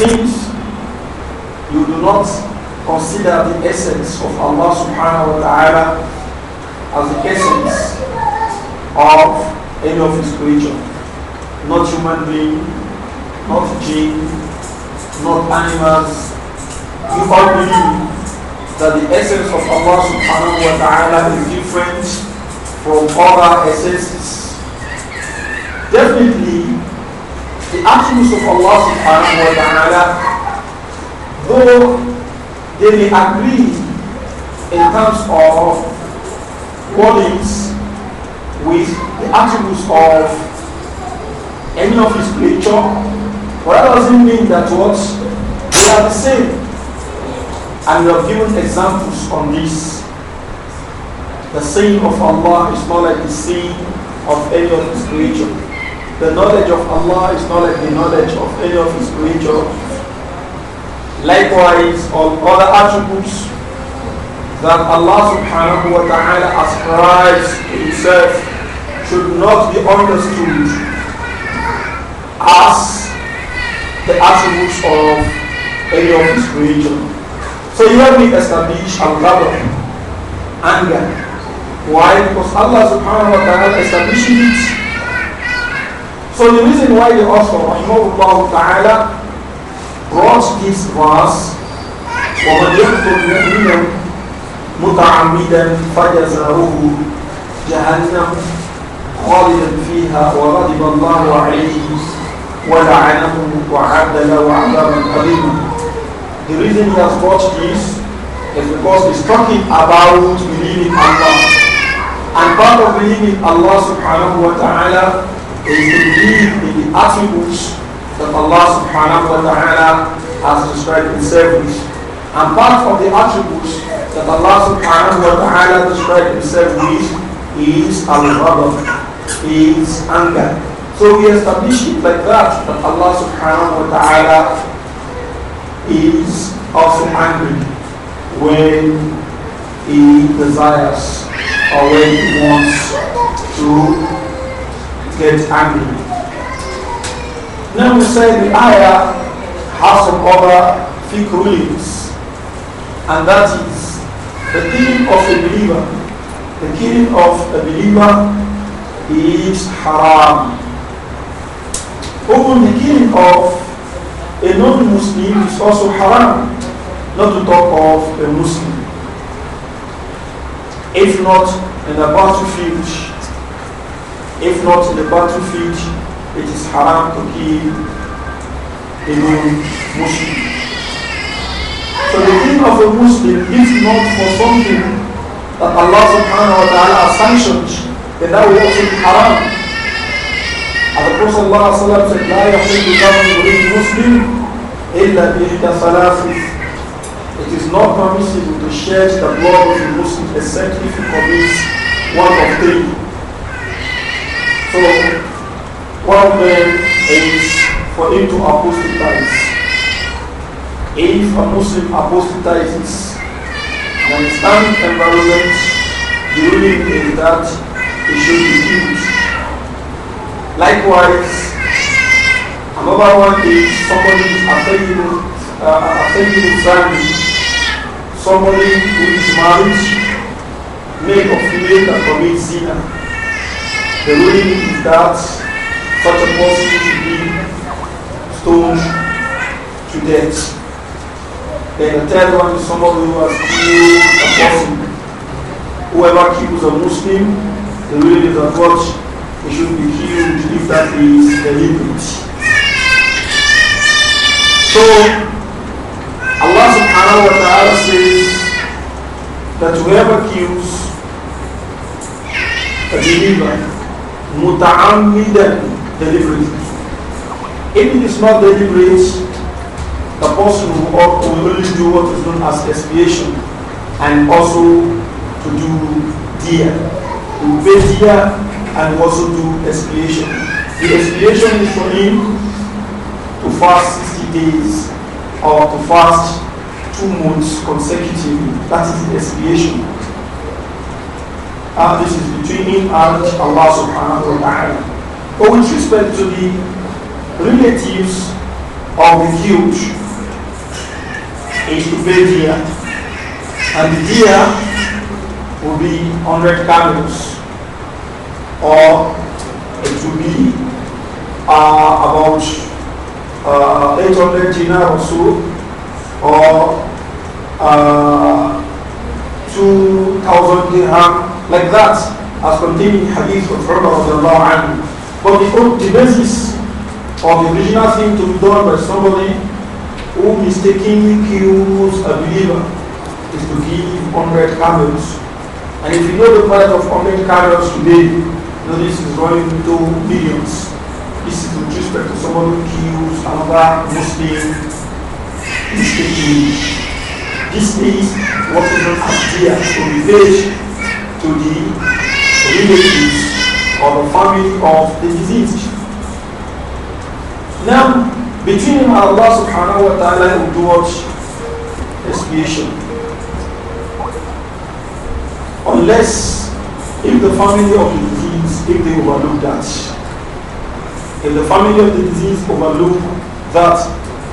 things you do not consider the essence of Allah subhanahu wa ta'ala as the essence of any of his creation. Not human being, not jinn, not animals. You all believe that the essence of Allah subhanahu wa ta'ala is different from other essences. Definitely attributes of Allah subhanahu wa ta'ala, though they may agree in terms of qualities with the attributes of any of his creature, but that doesn't mean that what they are the same. And we have given examples on this. The saying of Allah is not like the saying of any of his creature. The knowledge of Allah is not like the knowledge of any of His creatures. Likewise, on other attributes that Allah subhanahu wa ta'ala ascribes to Himself should not be understood as the attributes of any of His creatures. So you have to establish al-ghadr, anger. Why? Because Allah subhanahu wa ta'ala establishes it so the reason why the author, Rahimahullah Ta'ala, brought this verse, مُتَعَمِّدًا فَجَزَاؤُهُ جَهَنَّمُ خَالِدًا فِيهَا وَغَضِبَ اللَّهُ عَلَيْهِ وَلَعَنَهُ وَعَدَّ لَهُ عَذَابًا أَلِيمًا The reason he has brought this is because he's talking about believing Allah. And part of believing Allah subhanahu wa ta'ala is indeed believe in the attributes that Allah subhanahu wa ta'ala has described in with. And part of the attributes that Allah subhanahu wa ta'ala described in with is al-ghadab, is anger. So we establish it like that, that Allah subhanahu wa ta'ala is also angry when he desires or when he wants to get angry. Now we say the ayah has some other thick rulings, and that is the killing of a believer. The killing of a believer is haram. Even the killing of a non-Muslim is also haram, not to talk of a Muslim. If not in the battlefield, if not in the battlefield, it is haram to kill a Muslim. So the killing of a Muslim, is not for something that Allah subhanahu wa ta'ala has sanctioned, then that will also be haram. As the Prophet ﷺ said, لا يحل دم امرئ Muslim إلا بإحدى ثلاث it is not permissible to shed the blood of a Muslim except if he commits one of three so one of them is for him to apostatize. If a Muslim apostatizes, an Islamic environment, the ruling is that he should be killed. Likewise, another one is somebody is affected uh, affected insanity. Somebody who is married, male or female, that commits zina the ruling is that such a person should be stoned to death. Then the third one is somebody who has killed a person. Whoever kills a Muslim, the ruling is that what he should be killed if that is deliberate. So Allah subhanahu wa ta'ala says that whoever kills a believer muta'ammidan deliberate. If it is not deliberate, the person will only do what is known as expiation and also to do dia, To pay dia, and also do expiation. The expiation is for him to fast 60 days or to fast two months consecutively. That is the expiation. Uh, this is between him and Allah subhanahu wa ta'ala. But with respect to the relatives of the huge, is to pay deer. And the deer will be 100 camels or it will be uh, about uh, 800 dinar or so, or uh, 2,000 dirham like that, as contained in hadith of Umar anhu. But the, the basis of the original thing to be done by somebody who mistakenly kills a believer is to give 100 camels. And if you know the price of 100 camels today, you this is running to millions. This is with respect to someone who kills another Muslim mistakenly. This is what is known as to so revenge to the relatives or the family of the deceased. Now, between Allah subhanahu wa ta'ala and towards what? Expiation. Unless if the family of the disease, if they overlook that. If the family of the disease overlook that,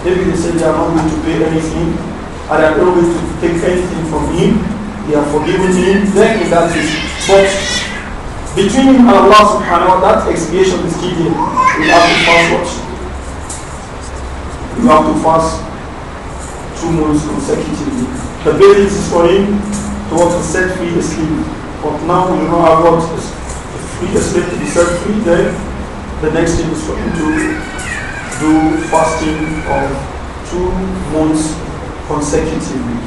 maybe they say they are not going to pay anything, and they are not going to take anything from him, you have forgiven him, then in that is. But between him and Allah subhanahu wa ta'ala, that expiation is given. You have to fast what? You have to fast two months consecutively. The basis is for him to want to set free the slave. But now you know how what is free the slave to be set free, then the next thing is for him to do fasting of two months consecutively.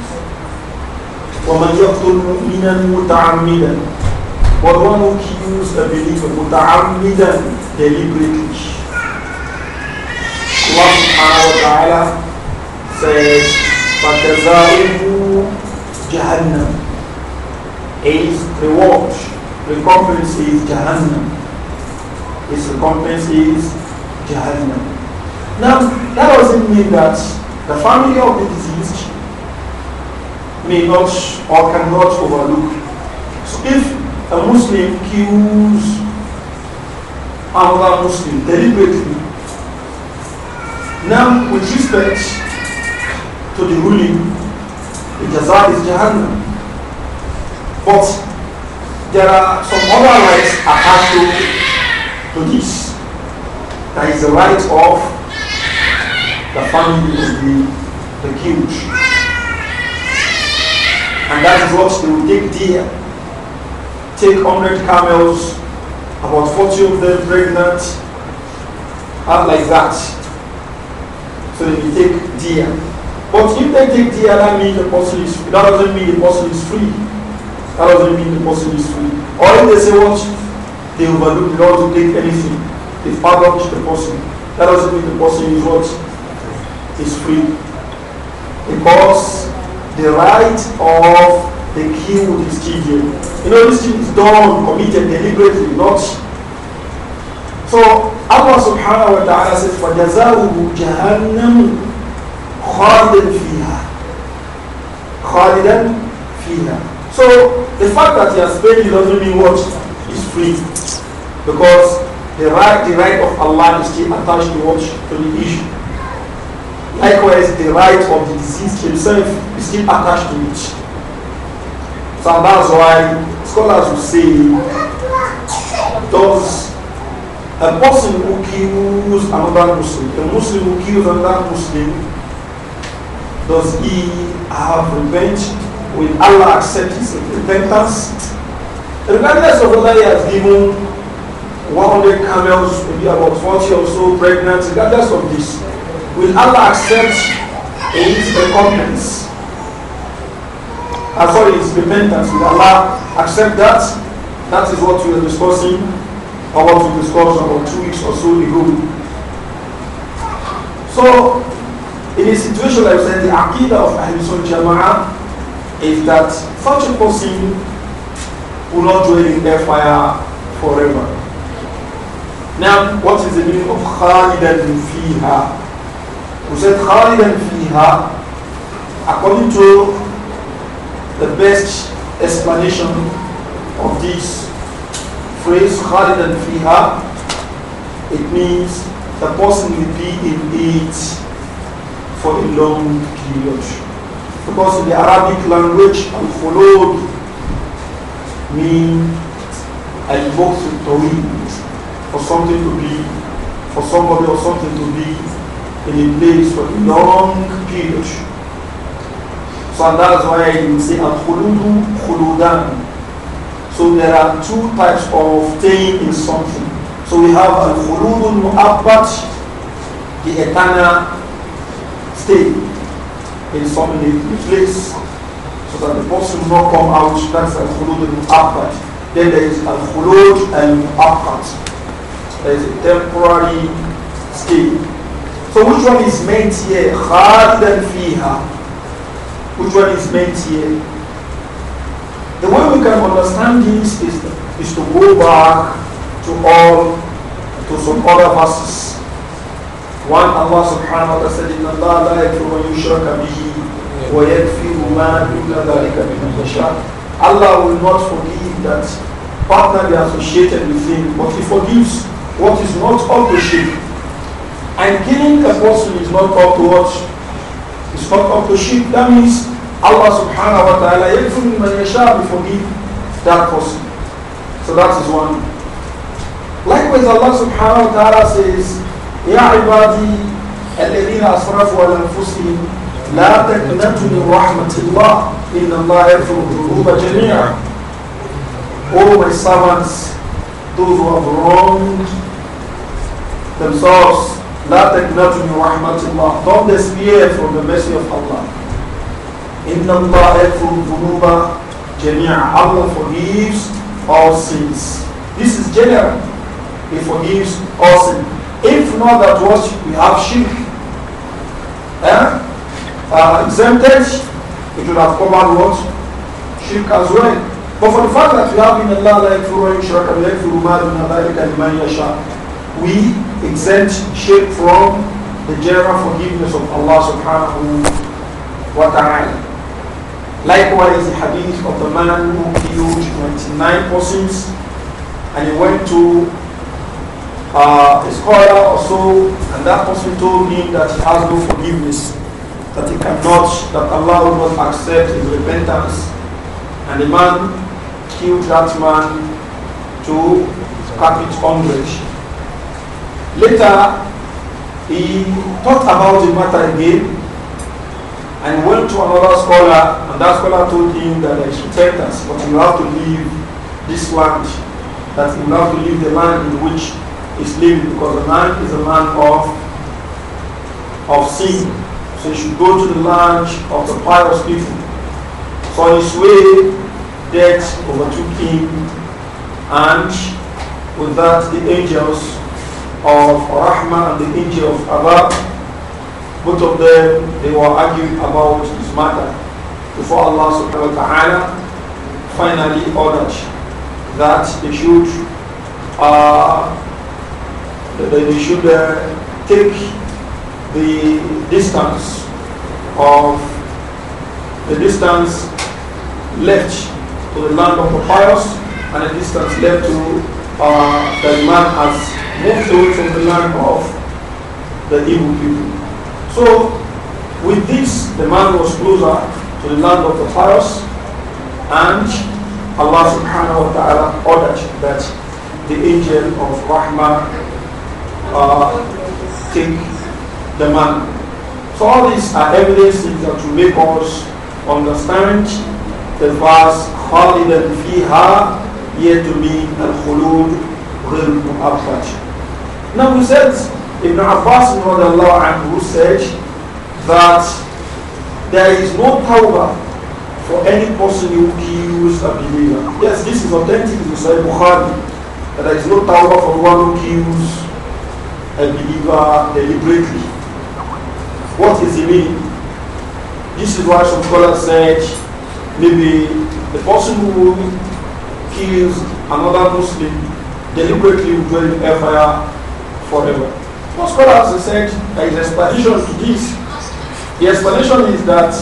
ومن يقتل مؤمنا متعمدا but one who kills a believer متعمدا deliberately Allah subhanahu wa ta'ala says فَكَذَائِهُ جَهَنَّمُ His reward, recompense is Jahannam. His recompense is Jahannam. Now, that doesn't mean that the family of the deceased may not or cannot overlook. So if a Muslim kills another Muslim deliberately, now with respect to the ruling, the jaza is Jahannam. But there are some other rights attached to, to this. There is the right of the family of the, the killed. And that is what they will take deer. Take 100 camels, about 40 of them pregnant, and like that. So they will take deer. But if they take deer, that means the person is free. That doesn't mean the person is free. That doesn't mean the person is free. Or if they say what? They overlook the law to take anything. They pardon the person. That doesn't mean the person is what? Is free. Because the right of the king with his children. You know, this thing is done, committed deliberately, not. So Allah subhanahu wa ta'ala says, وَجَزَاؤُهُ جَهَنَّمُ خَالِدًا فِيهَا خَالِدًا فِيهَا So the fact that he has paid you doesn't mean what is free. Because the right, the right of Allah is still attached to what? To the issue. Likewise, the right of the deceased himself is still attached to it. So that's why scholars will say, does a person who kills another Muslim, a Muslim who kills another Muslim, does he have revenge? Will Allah accept his repentance? Regardless of whether he has given 100 camels, maybe about 40 or so pregnant, regardless of this, will Allah accept his repentance, As ah, far as repentance, will Allah accept that? That is what we are discussing, or what we discussed about two weeks or so ago. So, in a situation like that, the Aqidah of al Sunnah is that such a person will not dwell in their fire forever. Now, what is the meaning of Khalidan fiha? We said خالدا فيها according to the best explanation of this phrase خالدا فيها it means the person will be in it for a long period because in the Arabic language al-khulud means al-bukhs al for something to be for somebody or something to be in a place for a long period. So and that's why you say al-khuludu khuludan. So there are two types of staying in something. So we have al-khulud mu'abbat, the eternal stay in some place. So that the person will not come out, that's al-khulud mu'abbat. Then there is al-khulud al-mu'abbat. There is a temporary stay. So which one is meant here? Khalidan fiha. Which one is meant here? The way we can understand this is, is to go back to all, to some other verses. One, Allah subhanahu wa ta'ala said, إِنَّ اللَّهَ لَا يَكْفِرُ وَيُشْرَكَ بِهِ وَيَكْفِرُ مَا دُونَ ذَلِكَ مِنْ Allah will not forgive that partner they associated with him, but he forgives what is not of the shirk. And killing a person is not called to watch. It's not called to sheep. That means Allah subhanahu wa ta'ala yakfur man yasha forgive that person. So that is one. Likewise Allah subhanahu wa ta'ala says, Ya ibadi الذين أسرفوا على أنفسهم لا تقنطوا من رحمة الله إن الله يغفر الذنوب جميعا All my servants, those who have wronged themselves لا تقنطوا من رحمة الله Don't despair from the mercy of Allah إن الله يغفر الذنوب جميعا Allah forgives all sins This is general He forgives all sins If not that was we have shirk eh? uh, exempted it would have come out what? Shirk as well But for the fact that we have in Allah لا يغفر وإن شرك لا يغفر ما دون ذلك لمن يشاء We exempt from the general forgiveness of Allah subhanahu wa ta'ala. Likewise, the hadith of the man who killed 29 persons and he went to uh, a scholar or so and that person told him that he has no forgiveness, that he cannot, that Allah will not accept his repentance. And the man killed that man to cap it 100. Later, he talked about the matter again and went to another scholar, and that scholar told him that I should take us, but you have to leave this land, that you have to leave the land in which he's living, because the land is a land of, of sin. So you should go to the land of the pious people. So on his way, death overtook him, and with that the angels of Rahman and the angel of Abba, both of them, they were arguing about this matter before Allah subhanahu wa ta'ala finally ordered that they should uh, that they should uh, take the distance of the distance left to the land of the pious and the distance left to uh, the man as Nephilim from the land of the evil people. So with this, the man was closer to the land of the Pharaohs, and Allah subhanahu wa ta'ala ordered that the angel of Rahmah uh, take the man. So all these are evidences that to make us understand the verse خالدا فيها yet to be al-khulud غير مؤبد now we said Ibn Abbas anhu said that there is no power for any person who kills a believer. Yes, this is authentic in Sahih Bukhari. That there is no power for one who kills a believer deliberately. What is the meaning? This is why some scholars said maybe the person who kills another Muslim deliberately will dwell in hellfire forever. Most scholars have said there is explanation to this. The explanation is that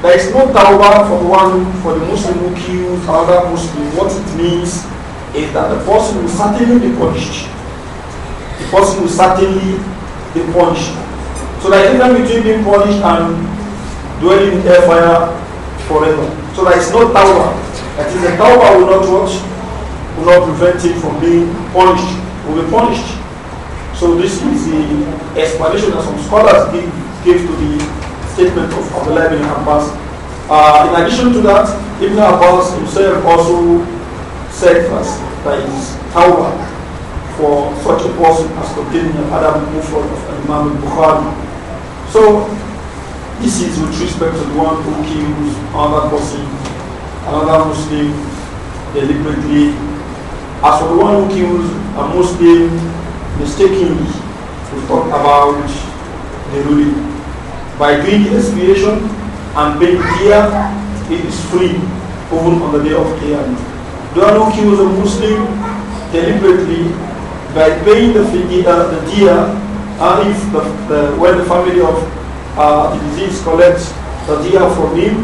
there is no tawbah for the one for the Muslim who kills another Muslim. What it means is that the person will certainly be punished. The person will certainly be punished. So there is a difference between being punished and dwelling in hellfire forever. So there is no tawbah. That is the tawbah will not watch, will not prevent him from being punished, will be punished. So this is the explanation that some scholars give, to the statement of Abdullah ibn Abbas. Uh, in addition to that, Ibn Abbas himself also said that his tawbah for such a person as containing an Adam Mufrad of Imam Bukhari. So this is with respect to the one who kills another person, another Muslim deliberately. As for the one who kills a Muslim mistakenly we talk about the ruling. By doing expiation and being here, it is free, even on the day of Do The know he was a Muslim deliberately by paying the, uh, the deer, uh, if the, the, when the family of uh, the disease collects the dia from him,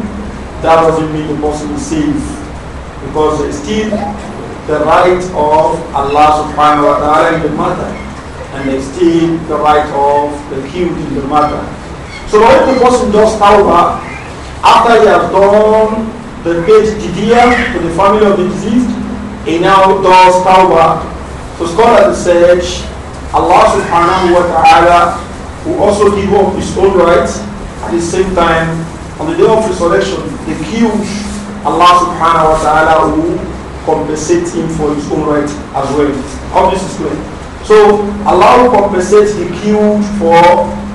that doesn't mean the person is safe because still the right of Allah subhanahu wa ta'ala in the matter and extend the right of the killed in the matter. So when the person does tawbah after he has done the paid jizya to the family of the deceased, he now does tawbah. So scholars said Allah subhanahu wa ta'ala who also give up his own rights at the same time on the day of resurrection the killed Allah subhanahu wa ta'ala will compensate him for his own right as well. How this is clear. So Allah will compensate the killed for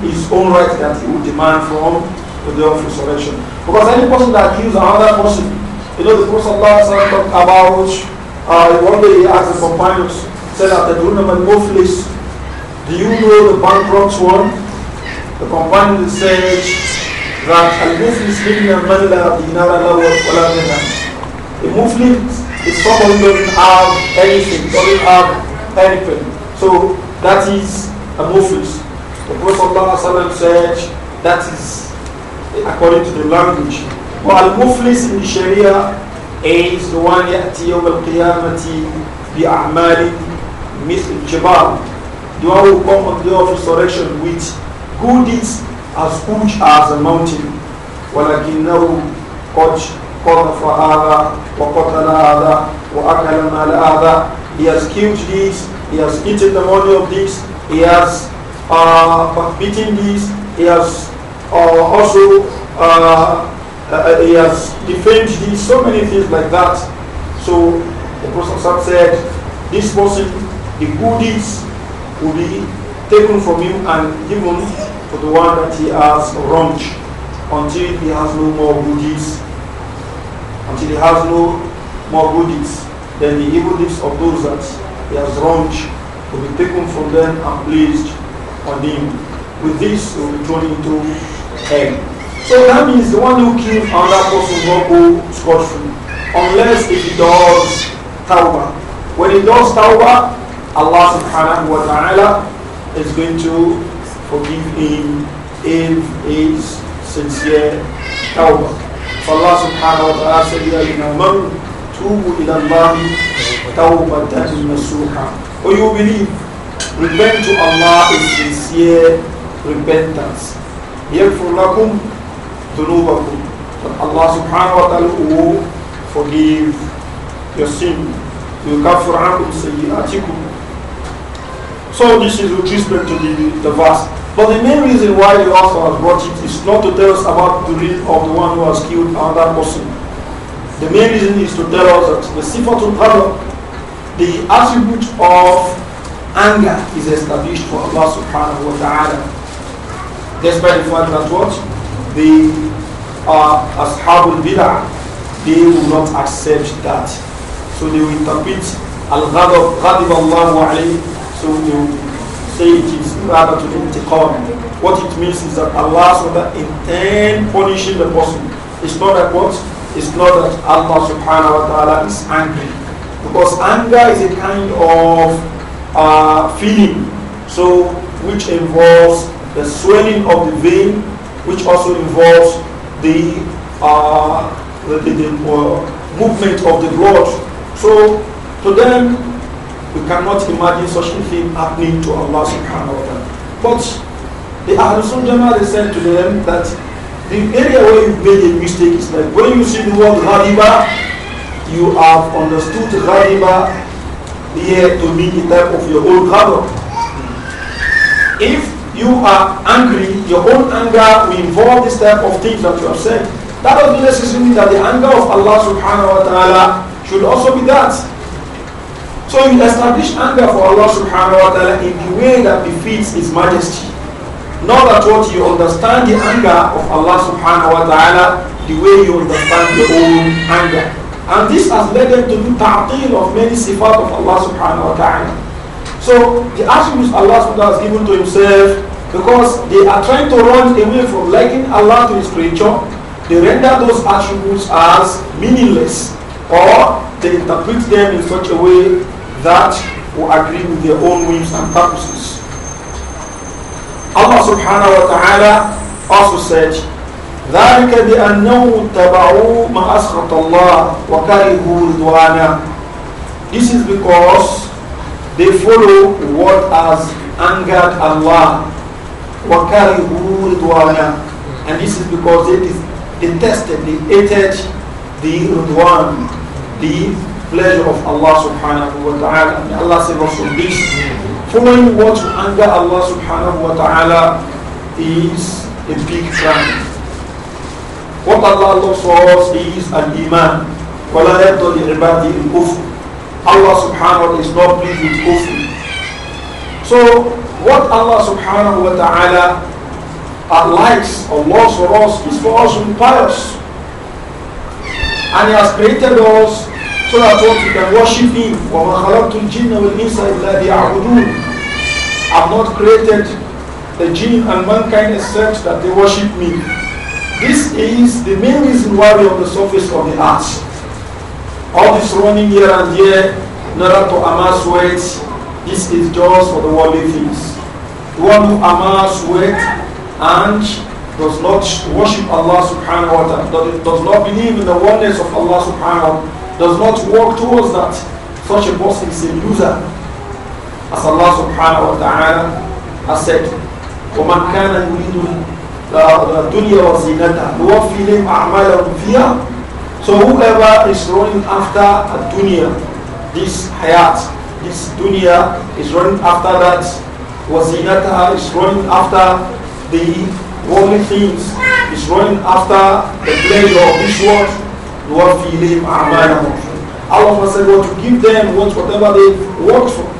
his own right that he would demand from the day of resurrection. Because any person that kills another person, you know the Prophet talked about uh, one day he asked the companions, said that the Dunam Muflis, do you know the bankrupt one? The companion said that Al Muflis Ibn Amanda Dinara The Muflis if somebody doesn't have anything, doesn't have anything, so that is a muflis. The Prophet said that is according to the language. But al-muflis in the Sharia is the one يأتي يوم القيامة بأعمال مثل الجبال. The one who come on the day of resurrection with good deeds as huge as a mountain. ولكنه قد هذا وقتل هذا وأكل مال هذا he has killed this he has eaten the money of this he has uh, beaten this he has uh, also uh, uh, he has defamed this so many things like that so the Prophet said this person the goodies, will be taken from him and given to the one that he has wronged until he has no more goodies until he has no more good deeds. Then the evil deeds of those that he has wronged will be taken from them and placed on him. With this, he will be thrown into hell. So that means the one who kills another person will go scot free, unless if he does tawbah. When he does tawbah, Allah subhanahu wa ta'ala is going to forgive him if he is sincere tawbah. Allah subhanahu wa ta'ala said, يَا إِلَى اللَّهِ تَوْبَةً O you believe, repent to Allah is sincere repentance. يَغْفُرْ لَكُمْ ذُنُوبَكُمْ But Allah subhanahu wa ta'ala will forgive your sin. يُكَفِّرْ عَنْكُمْ سَيِّئَاتِكُمْ So this is with respect to the, the verse. But the main reason why the author has brought it is not to tell us about the real of the one who has killed another person. The main reason is to tell us that the sifatul qadr, the attribute of anger is established for Allah subhanahu wa ta'ala. Despite the fact that what? The uh, Ashabul Bid'ah, they will not accept that. So they will interpret Al-Ghadab, Ghadib Allah alayhi, so they will say it is rather to do What it means is that Allah subhanahu intend punishing the person. It's not that what? It's not that Allah subhanahu wa ta'ala is angry. Because anger is a kind of uh, feeling so which involves the swelling of the vein, which also involves the, uh, the, the, the uh, movement of the blood. So to them, we cannot imagine such a thing happening to Allah subhanahu wa ta'ala. But the Ahlul Jamaah said to them that the area where you made a mistake is like when you see the word Ghadiba, you have understood Ghadiba here to mean the type of your own brother. If you are angry, your own anger will involve this type of things that you have said. That doesn't necessarily mean that the anger of Allah subhanahu wa ta'ala should also be that. So you establish anger for Allah subhanahu wa ta'ala in the way that befits His majesty. Not that what you understand the anger of Allah subhanahu wa ta'ala the way you understand your own anger. And this has led them to do ta'til of many sifat of Allah subhanahu wa ta'ala. So the attributes Allah subhanahu wa ta'ala has given to himself because they are trying to run away from liking Allah to his creature. They render those attributes as meaningless or they interpret them in such a way that who agree with their own whims and purposes. Allah subhanahu wa ta'ala also said, ذلك بأنهم اتبعوا ما أسخط الله وكرهوا رضوانه This is because they follow what has angered Allah وكرهوا رضوانه And this is because they detested, they hated the Ridwan, the pleasure of Allah subhanahu wa ta'ala. May Allah save us from this. Following what to anger Allah subhanahu wa ta'ala is a big crime. What Allah loves for us is an iman. Allah subhanahu wa ta'ala is not pleased with kufr. So what Allah subhanahu wa ta'ala likes or loves for us is for us to be pious. And He has created us so that what you can worship Him. وَمَا خَلَقْتُ الْجِنَّ وَالْإِنسَ إِلَّا لِيَعْبُدُونَ I've not created the jinn and mankind except that they worship me. This is the main reason why we are on the surface of the earth. All this running here and there in order to amass wealth this is just for the worldly things. The one who amas wealth and does not worship Allah subhanahu wa ta'ala, does not believe in the oneness of Allah subhanahu wa Taala does not work towards that, such a person is a loser. As Allah subhanahu wa ta'ala has said, وَمَنْ كَانَ يُرِيدُ الدنيا وزينتها نوفي لهم أعمالهم فيها So whoever is running after a dunya, this hayat, this dunya is running after that, wazinataha is running after the worldly things, is running after the pleasure of this world, يوفي إليهم أعمالهم Allah said what to give them what whatever they worked for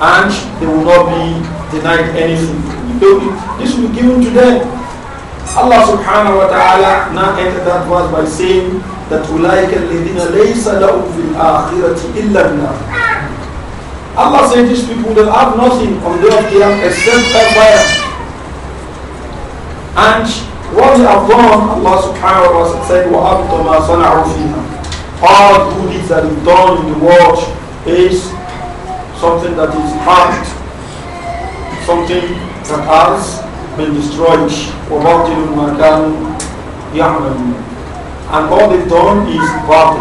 and they will not be denied anything this will be given to them Allah subhanahu wa ta'ala now ended that verse by saying that أولئك الذين ليس لهم في الآخرة إلا النار Allah said these people will have nothing on their day of except fire. And what you have done, Allah subhanahu wa ta'ala said, وَأَبْتَ مَا صَنَعُوا All good deeds have done in the world is something that is harmed, something that has been destroyed. What مَا have يَعْمَلُونَ And all they've done is bad.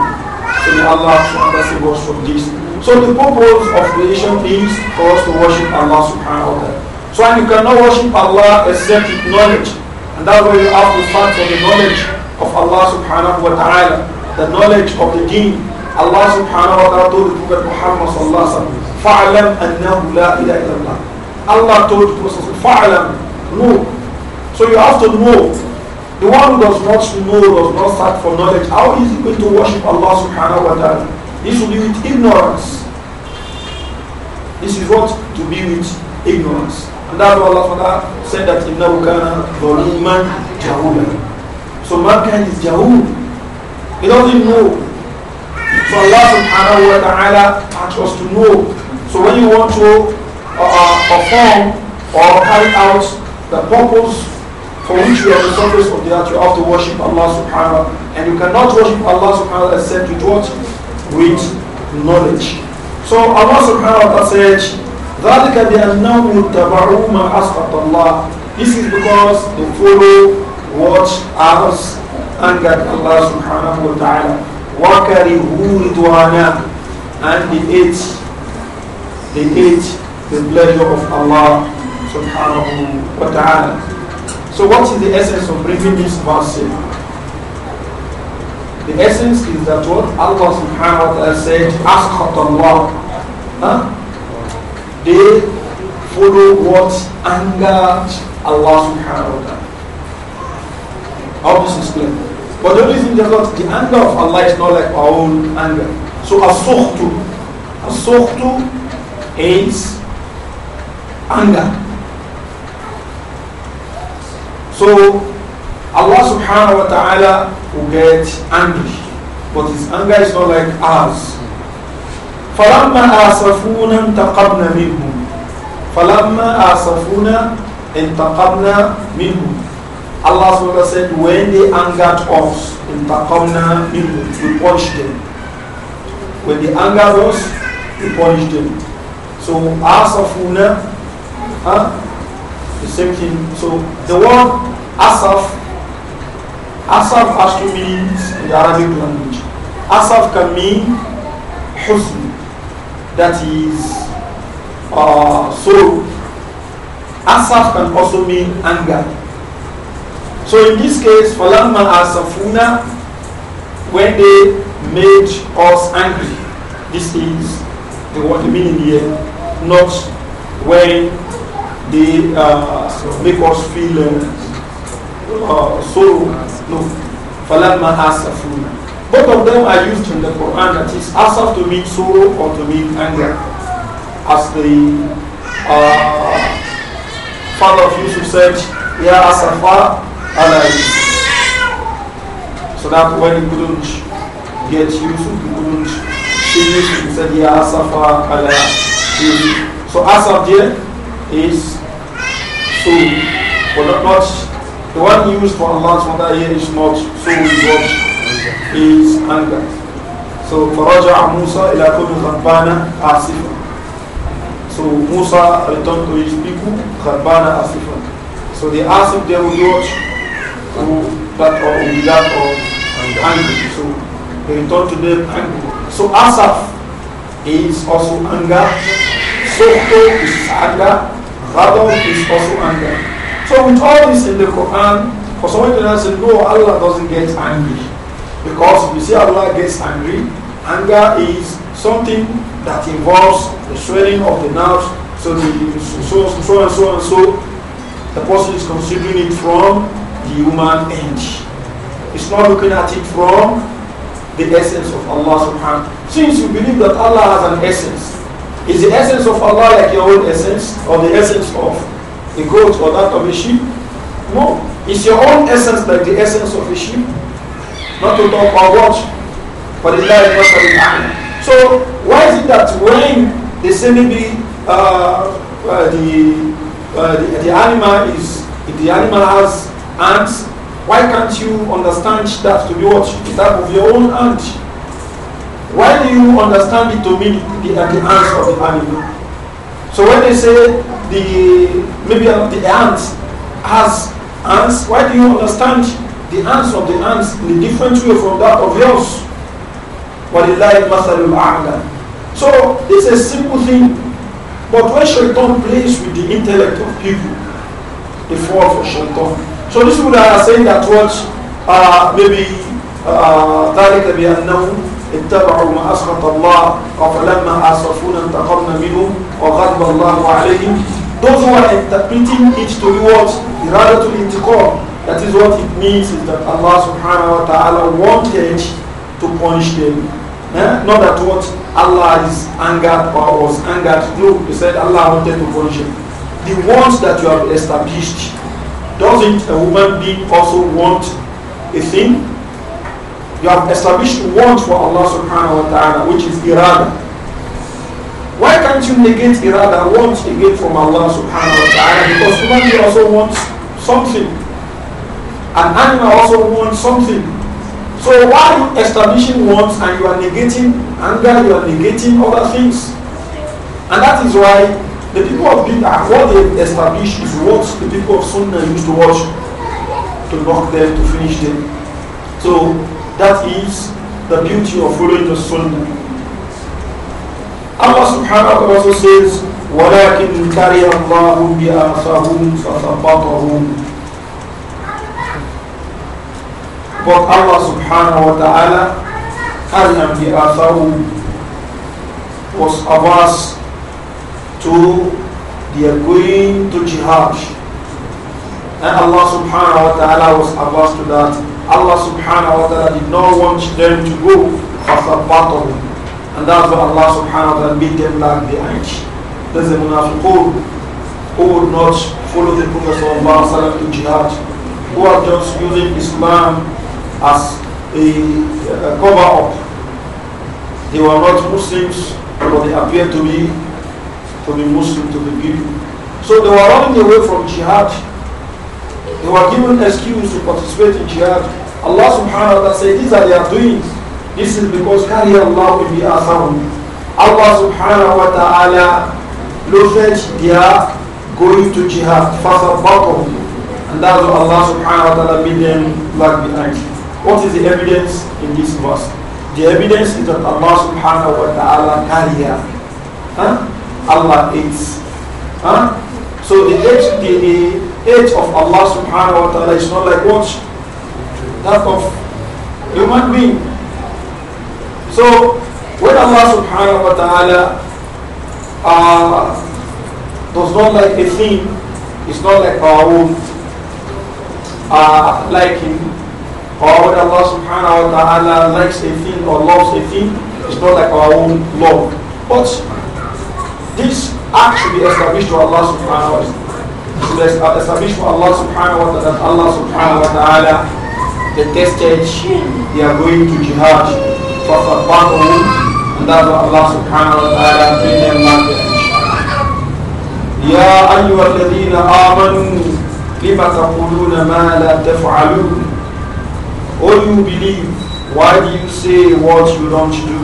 So may Allah save us from this. So the purpose of creation is for us to worship Allah subhanahu wa ta'ala. So and you cannot worship Allah except with knowledge. And that's why we have to start for the knowledge of Allah subhanahu wa ta'ala, the knowledge of the deen. Allah subhanahu wa ta'ala told the Prophet Muhammad sallallahu alayhi wa فَعْلَمْ أَنَّهُ لَا إِلَهَ إِلَّا اللَّهِ Allah told the Prophet فَعْلَمْ Know. So you have to know. The one who does not know, does not start for knowledge. How is it going to worship Allah subhanahu wa ta'ala? He should be with ignorance. This is what to be with ignorance. And Allah said that إِنَّهُ كَانَ ظَلِيمًا جَهُولًا So mankind is jahul. He doesn't know. So Allah subhanahu wa ta'ala asks us to know. So when you want to uh, uh perform or carry out the purpose for which you are the surface of the earth, you have to worship Allah subhanahu wa ta'ala. And you cannot worship Allah subhanahu wa ta'ala except with what? With knowledge. So Allah subhanahu wa ta'ala said, ذلك بأنهم اتبعوا ما أسخط الله This is because they follow what us angered Allah subhanahu wa ta'ala وَكَرِهُوا رِضْوَانَا And they ate They ate the pleasure of Allah subhanahu wa ta'ala So what is the essence of bringing this verse in? The essence is that what Allah subhanahu wa ta'ala said Ask اللَّهُ huh? they follow what angered Allah subhanahu wa ta'ala. All this is explain? But the only thing that not the anger of Allah is not like our own anger. So asukhtu. Asukhtu is anger. So Allah subhanahu wa ta'ala will get angry. But his anger is not like ours. فلما آسفونا انتقمنا منهم فلما آسفونا انتقمنا منهم Allah SWT said when they angered us انتقمنا منهم we punished them when they angered us we punished them so آسفونا huh? the same thing so the word asaf asaf has to in the Arabic language asaf can mean husn that is uh, sorrow. Asaf can also mean anger. So in this case, falama Asafuna, when they made us angry, this is the what the meaning here, not when they uh, make us feel uh, uh, sorrow. No. falama Asafuna. Both of them are used in the Quran that is asaf to mean sorrow or to mean anger. As the uh, father of Yusuf said, Ya asafa ala So that when he couldn't get Yusuf, he couldn't see Yusuf, he said, Ya asafa ala So asaf there is sorrow, but not, not the one used for Allah here is not sorrow, but is anger. So Faraja Musa ila kumi Ghanbana Asifa. So Musa returned to his people, Ghanbana Asifa. So they asked if they would watch to that or with that of angry. So they returned to them angry. So Asaf is also anger. Sokto is anger. Radon is also anger. So with all this in the Quran, for someone to say, no, Allah doesn't get angry. Because if see Allah gets angry, anger is something that involves the swelling of the nerves. So, the, so, so and so and so, the person is considering it from the human end. It's not looking at it from the essence of Allah subhanahu. Since you believe that Allah has an essence, is the essence of Allah like your own essence or the essence of a goat or that of a sheep? No. Is your own essence like the essence of a sheep? not to talk or watch. For the life of the time. So why is it that when they say maybe uh, uh, the, uh, the the animal is if the animal has ants, why can't you understand that to be what that of your own ant? Why do you understand it to mean the, the ants of the animal? So when they say the maybe uh, the ant has ants, why do you understand? the ants of the ants in a different way from that of yours. So this is a simple thing, but when shaitan plays with the intellect of people, they fall for shaitan. So these people are saying that what uh, maybe uh, ذلك بأنهم اتبعوا ما أسخط الله وفلما آسفونا انتقمنا منهم وغضب الله عليهم Those who are interpreting it to be what? rather إرادة الانتقام that is what it means is that Allah subhanahu wa ta'ala wanted to punish them. Eh? Not that what Allah is angered or was angered. No, he said Allah wanted to punish them. The ones that you have established, doesn't a woman being also want a thing? You have established want for Allah subhanahu wa ta'ala, which is irada. Why can't you negate irada, want again from Allah subhanahu wa ta'ala? Because human being also wants something. An animal also wants something. So why are you establishing wants and you are negating anger, you are negating other things? And that is why the people of Bid'ah, what they establish is what the people of Sunnah used to watch to knock them, to finish them. So that is the beauty of following the Sunnah. Allah subhanahu wa ta'ala also says, وَلَكِنْ كَرِيَ اللَّهُ بِآثَهُمْ فَثَبَّطَهُمْ But Allah subhanahu wa ta'ala Adam the Athawu was averse to their going to jihad. And Allah subhanahu wa ta'ala was averse to that. Allah subhanahu wa ta'ala did not want them to go for the battle. And that's why Allah subhanahu wa ta'ala made them lag behind. There's a munafiqun who would not follow the Prophet sallallahu alayhi wa sallam to jihad, who are just using Islam as a, a cover-up. They were not Muslims, but they appeared to be to be Muslim to the people. So they were running away from jihad. They were given excuse to participate in jihad. Allah subhanahu wa ta'ala said, these are their doings. This is because carry Allah will be asam. Allah subhanahu wa ta'ala loaded their going to jihad, fasabatum. And that's what Allah subhanahu wa ta'ala made them lag behind. What is the evidence in this verse? The evidence is that Allah subhanahu wa ta'ala Huh? Allah is. Huh? So the age, the, age of Allah subhanahu wa ta'ala is not like what? That of human being. So when Allah subhanahu wa ta'ala uh, does not like a thing, it's not like our own uh, liking or Allah subhanahu wa ta'ala likes a thing or loves a thing, it's not like our own love. But this actually established to Allah subhanahu wa ta'ala. Should established for Allah subhanahu wa ta'ala that Allah subhanahu wa ta'ala detested they are going to jihad for the them, and that's what Allah subhanahu wa ta'ala made them like يا أيها الذين آمنوا لم تقولون ما لا تفعلون or oh, you believe, why do you say what you don't do?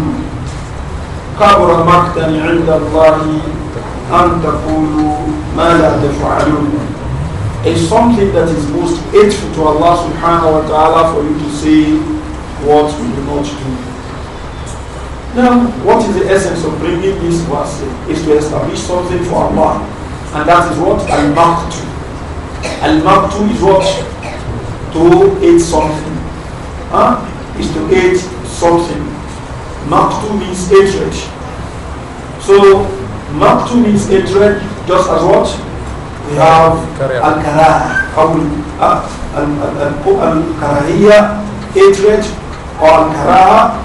كبر مقتا عند الله أن تقولوا ما لا تفعلون It's something that is most hateful to Allah subhanahu wa ta'ala for you to say what you do not do. Now, what is the essence of bringing this verse is to establish something for Allah. And that is what? Al-Maqtu. Al-Maqtu is what? To eat something huh, is to hate something. two means hatred. So two means hatred just as what? We have al-karah, al-karahiyya, ah, hatred, or al-karah,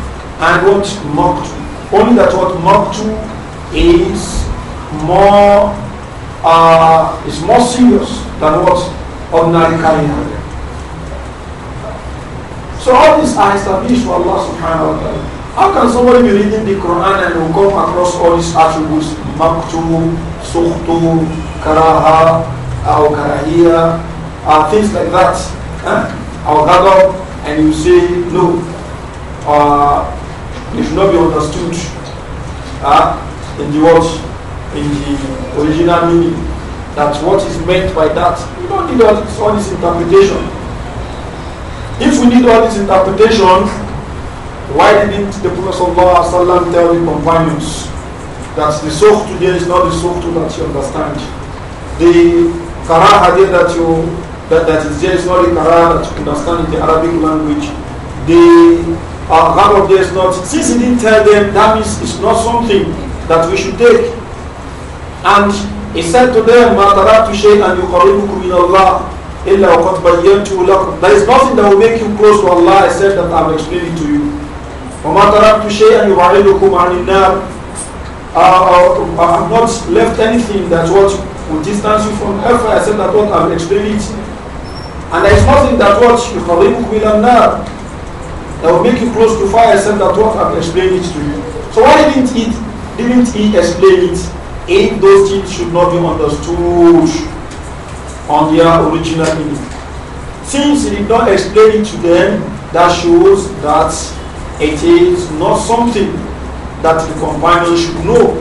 and what? two? Only that what two is more uh, is more serious than what ordinary kariyya. So all these are established for Allah subhanahu wa ta'ala. How can somebody be reading the Quran and will come across all these attributes? Maktum, sukhtum, karaha, or karahiya, uh, things like that. Huh? Eh? Or and you say, no, uh, it should not be understood uh, in the words, in the original meaning. That's what is meant by that. You don't need all this interpretation. If we need all these interpretations, why didn't the Prophet tell the companions that the Sukh today is not the Sukh that you understand? The Quran hadith that you that, that is there is not the Karaha that you understand in the Arabic language. The uh, of there is not. Since he didn't tell them, that means it's not something that we should take. And he said to them, مَا تَرَاتُ and you إِلَى إِلَّا وَقَدْ بَيَّنْتُ لَكُمْ There is nothing that will make you close to Allah except that I'm explaining to you. وَمَا تَرَكْتُ شَيْئًا يُبَعِدُكُمْ عَنِ النَّارِ uh, uh, uh I have not left anything that what will distance you from hellfire except that what I've explained it. And there is nothing that what you will not that will make you close to fire except that what I've explained it to you. So why didn't he didn't he explain it if those things should not be understood? on their original meaning. Since he did not explain it to them, that shows that it is not something that the companion should know.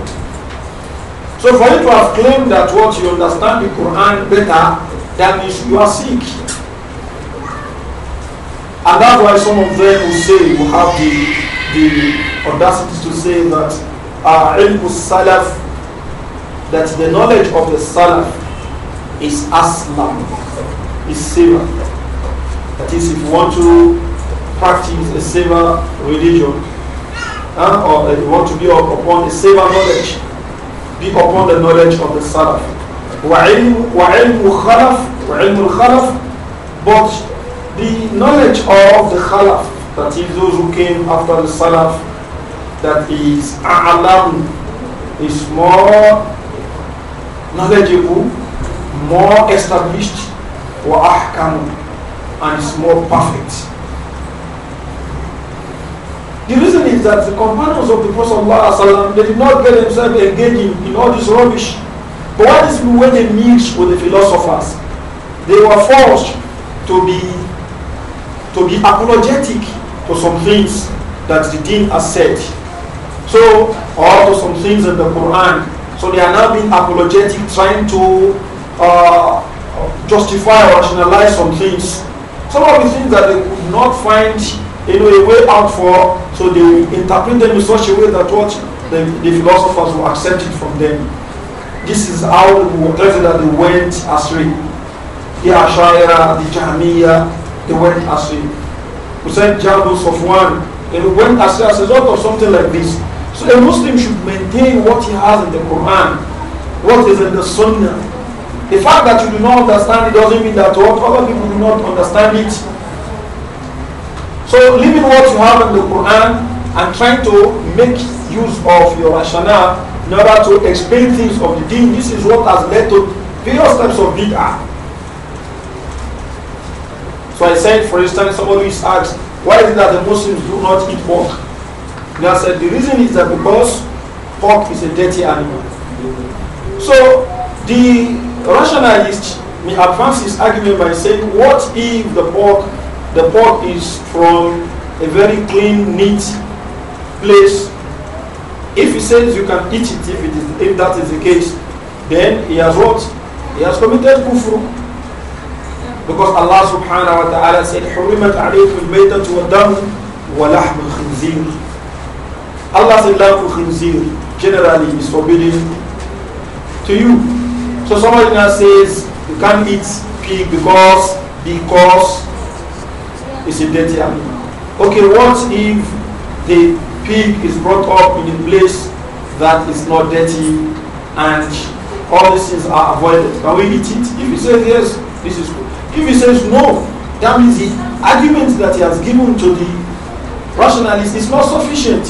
So for you to have claimed that what you understand the Quran better, that means you are sick. And that's why some of them will say, will have the, the audacity to say that uh, salaf, that the knowledge of the salaf is aslam, is seva. That is, if you want to practice a seva religion, uh, or if you want to be upon a seva knowledge, be upon the knowledge of the Salaf. وعلم الخلف وعلم الخلف but the knowledge of the Khalaf that is those who came after the Salaf that is A'lam is more knowledgeable more established وأحكم and is more perfect. The reason is that the companions of the Prophet they did not get themselves engaged in, all this rubbish. But what is when they meet with the philosophers, they were forced to be to be apologetic to some things that the deen has said. So or to some things in the Quran. So they are now being apologetic, trying to uh, justify or rationalize some things. Some of the things that they could not find you know, a way out for, so they interpret them in such a way that what the, the philosophers will accept it from them. This is how whatever that they went astray. The Ashaira, the Jahmiya, they went astray. Hussein one, Safwan, they went astray as a result of something like this. So a Muslim should maintain what he has in the Quran, what is in the Sunnah, the fact that you do not understand it doesn't mean that what other people do not understand it. So leaving what you have in the Quran and trying to make use of your rationale in order to explain things of the deen, this is what has led to various types of bid'ah. So I said, for instance, somebody is asked, why is it that the Muslims do not eat pork? They I said, the reason is that because pork is a dirty animal. So the rationalist may advance his argument by saying, what if the pork, the pork is from a very clean, neat place? If he says you can eat it, if, it is, if that is the case, then he has what? He has committed kufr. Because Allah subhanahu wa ta'ala said, حُرِّمَتْ عَلَيْكُمْ الْمَيْتَةُ وَالدَّمُ وَلَحْمُ الْخِنْزِيرِ Allah said, لَحْمُ الْخِنْزِيرِ generally is forbidden to you. So somebody now says, you can't eat pig because, because it's a dirty animal. Okay, what if the pig is brought up in a place that is not dirty and all these things are avoided? Can we eat it? If he says yes, this is good. If he says no, that means the argument that he has given to the rationalist is not sufficient.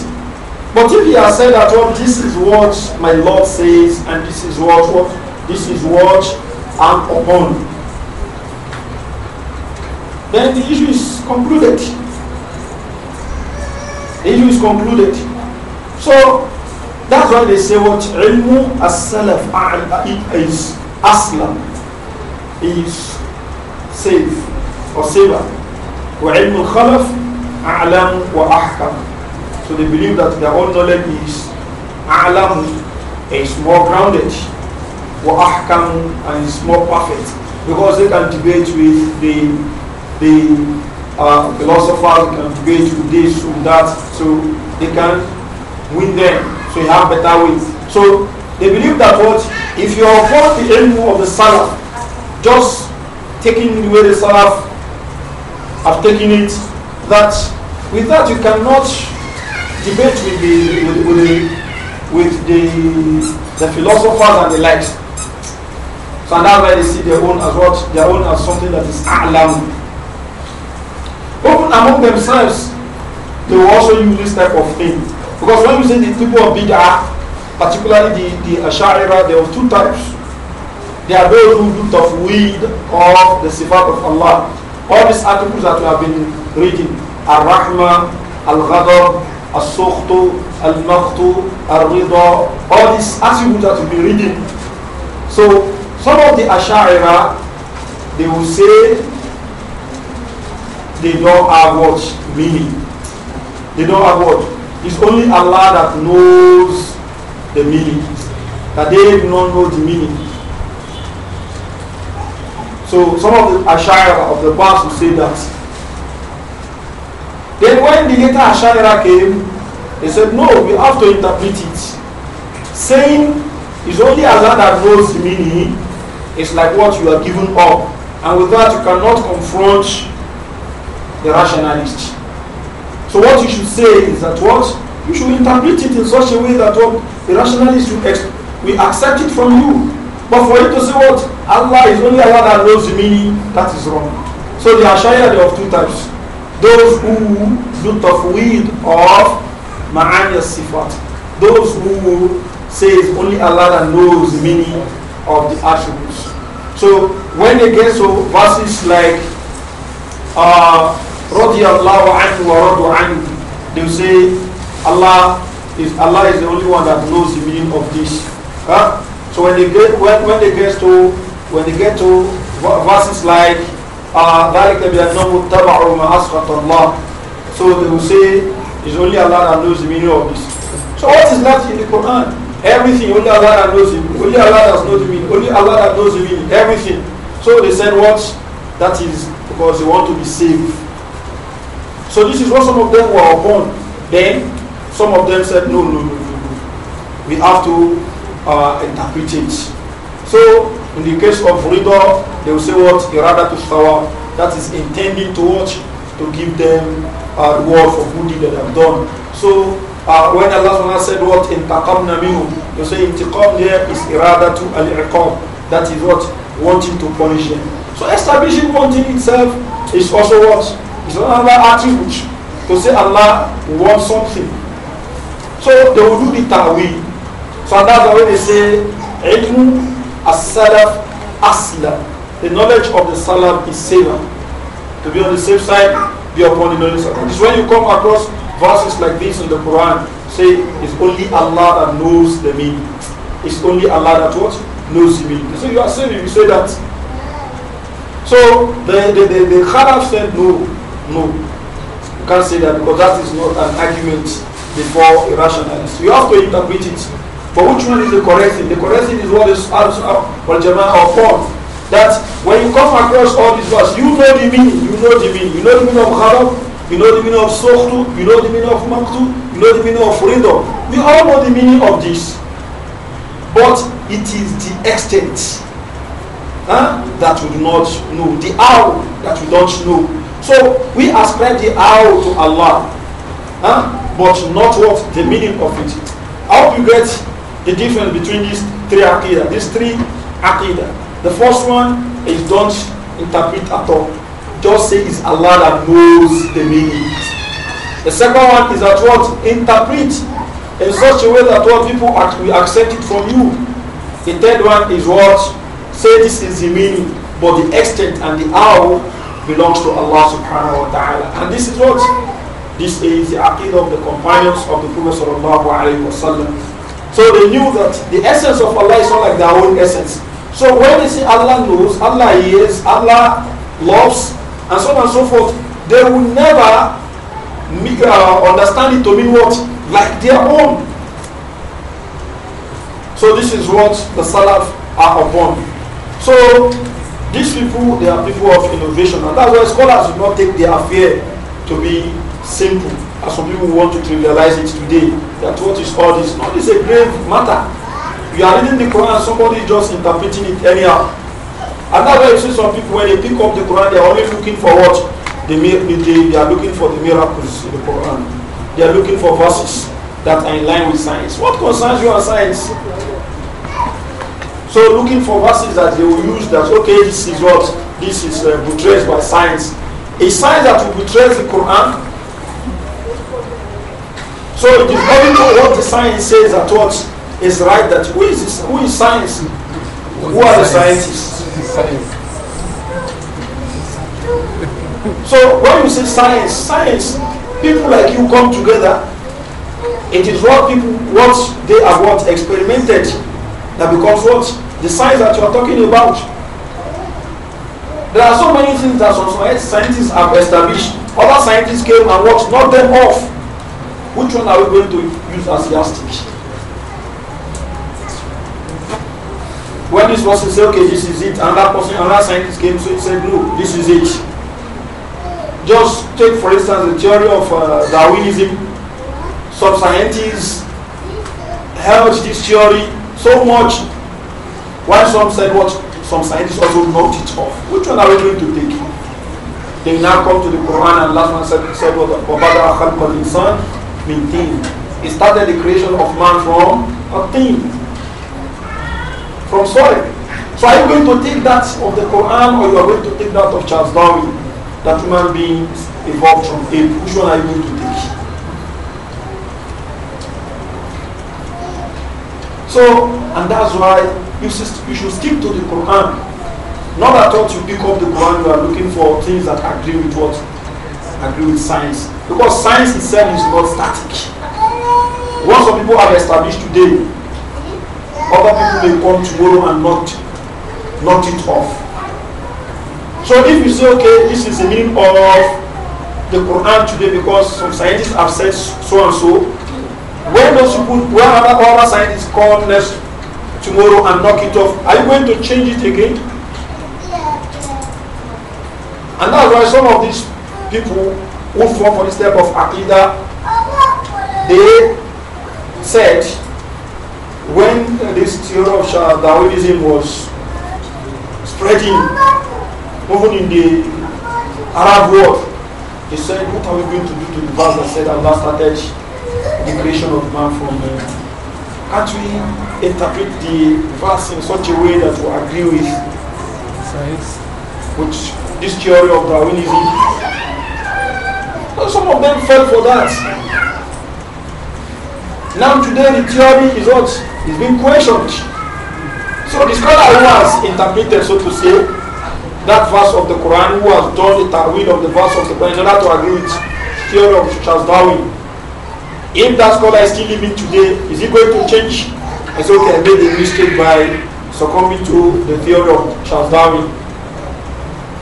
But if he has said that, well, this is what my Lord says, and this is what, what this is what I'm upon. Then the issue is concluded. The issue is concluded. So that's why they say what ilmu as-salaf is aslam is safe or safer. Wa ilmu khalaf a'lam wa ahkam. So they believe that their own knowledge is a'lam is more grounded. وأحكم and small more because they can debate with the the uh, philosophers, they can debate with this with that, so they can win them. So you have better ways. So they believe that what if you uphold the end of the Salaf, just taking the way the Salaf have taken it, that with that you cannot debate with the with, with the with the, the philosophers and the likes. So now, why they see their own as what? Their own as something that is a'lam. Even among themselves, they will also use this type of thing. Because when you say the people of bid'ah, particularly the, the Ash'arira, there are two types. They are those who do weed of the sifat of Allah. All these articles that we have been reading, Ar-Rahman, Al-Ghadab, As-Sukhtu, Al-Makhtu, Al-Rida, all these attributes that we've been reading. So some of the Asha'ira, they will say they don't have what meaning. They don't have what. It's only Allah that knows the meaning. That they do not know the meaning. So some of the Asha'ira of the past will say that. Then when the later Asha'ira came, they said, no, we have to interpret it. Saying, it's only Allah that knows the meaning it's like what you are giving up. And with that, you cannot confront the rationalist. So what you should say is that what? You should interpret it in such a way that what the rationalist will, we accept it from you. But for you to say what? Allah is only Allah that knows the meaning, that is wrong. So the Ashaya, are of two types. Those who do tafweed of ma'ani sifat. Those who say it's only Allah that knows the meaning of the attributes. So when they get to verses like uh, Radiallahu anhu wa radu anhu, they say Allah is Allah is the only one that knows the meaning of this. Huh? So when they get when, when they get to when they get to verses like uh, ذلك بأنهم اتبعوا ما أسخط الله so they will say it's only Allah that knows the meaning of this. So what is that in the Quran? everything only Allah that knows him only Allah that knows meaning. only Allah that knows meaning. everything so they said what that is because they want to be saved so this is what some of them were upon then some of them said no no no no, no. we have to uh, interpret it so in the case of Rida they will say what irada to shower that is intending to watch to give them a uh, reward for good deed that they have done so Uh, when Allah said what intaqamna minhum, you say intiqam there is iradatu al-iqam. That is what wanting to punish them. So establishing wanting itself is also what is another attribute to say Allah wants something. So they will do the ta'wil. So that's why they say ilmu as-salaf asla. The knowledge of the salaf is safer. To be on the safe side, be upon the knowledge of It's when you come across verses like this in the Quran say it's only Allah that knows the meaning. It's only Allah that what? Knows the meaning. So you are saying you say that. So the the, the, the Khalaf said no, no. You can't say that because that is not an argument before irrationalists. You have to interpret it. But which one is the correct thing? The correct thing is what is al-Jama'ah form That when you come across all these verses, you know the meaning, you know the meaning, you know the meaning of Khalaf, you know the meaning of sohu. You know the meaning of maktu. You know the meaning of freedom. We all know the meaning of this. But it is the extent huh, that we do not know. The how that we don't know. So we ascribe the how to Allah. Huh, but not what the meaning of it. How do you get the difference between these three aqidah? These three aqidah. The first one is don't interpret at all just say it's Allah that knows the meaning. The second one is that what interpret in such a way that what people act, accept it from you. The third one is what say this is the meaning, but the extent and the how belongs to Allah subhanahu wa ta'ala. And this is what this is the appeal of the companions of the Prophet sallallahu alaihi wasallam. So they knew that the essence of Allah is not like their own essence. So when they say Allah knows, Allah hears, Allah loves, and so on and so forth, they will never make, uh, understand it to mean what? Like their own. So this is what the Salaf are upon. So these people, they are people of innovation. And that's why scholars do not take their affair to be simple. As some people want to trivialize it today. That what is all this? Not this a grave matter. You are reading the Quran, somebody is just interpreting it anyhow. And that's why you see some people, when they pick up the Quran, they are only looking for what? They, they, they are looking for the miracles in the Quran. They are looking for verses that are in line with science. What concerns you are science? So looking for verses that they will use that, okay, this is what, this is uh, betrayed by science. A science that will betray the Quran. So it is not even what the science says that what is right that who is this, who is science? Who are the scientists? is science. so when you say science, science, people like you come together. It is what people, what they have what experimented, that becomes what the science that you are talking about. There are so many things that some scientists have established. Other scientists came and what knocked them off. Which one are we going to use as yardstick? When this person said, okay, this is it, another person, that scientist came, so he said, no, this is it. Just take, for instance, the theory of uh, Darwinism. Some scientists held this theory so much, while some said what some scientists also knocked it off. Which one are we going to take? They now come to the Quran and last one said, said what the It started the creation of man from a thing from soil. So are you going to take that of the Quran or you are going to take that of Charles Darwin that human beings evolved from ape? Which one are you going to take? So, and that's why you should stick to the Quran. Not at all you pick up the Quran, you are looking for things that agree with what? Agree with science. Because science itself is not static. What some people have established today Other people may come tomorrow and not knock it off. So if you say, okay, this is the meaning of the Quran today because some scientists have said so and so, when does you put? when other, other scientists come next tomorrow and knock it off, are you going to change it again? And that's why some of these people who fall for this type of Aqidah, they said when this theory of Darwinism was spreading, even in the Arab world, he said, what are we going to do to the verse that said Allah started the creation of man from man? can't we interpret the verse in such a way that we agree with science? Which this theory of Darwinism? some of them fell for that. Now today the theory is what? it has been questioned. So the scholar who has interpreted, so to say, that verse of the Quran, who has done the tarwil of the verse of the Quran in order to agree with theory of Charles Darwin, if that scholar is still living today, is he going to change? I said, okay, I made a mistake by succumbing to the theory of Charles Darwin.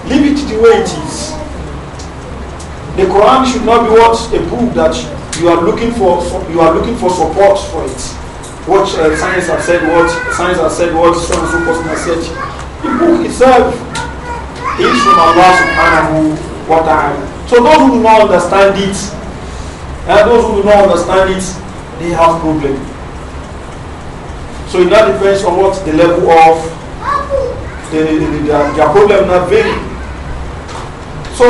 Leave it the way it is. The Quran should not be what a book that you are looking for. You are looking for support for it what uh, science has said, what science has said, what so and so person has said. The book itself is from Allah subhanahu wa ta'ala. So those who do not understand it, and eh, those who do not understand it, they have problem. So it now depends on what the level of the, the, the, their problem Not vary. So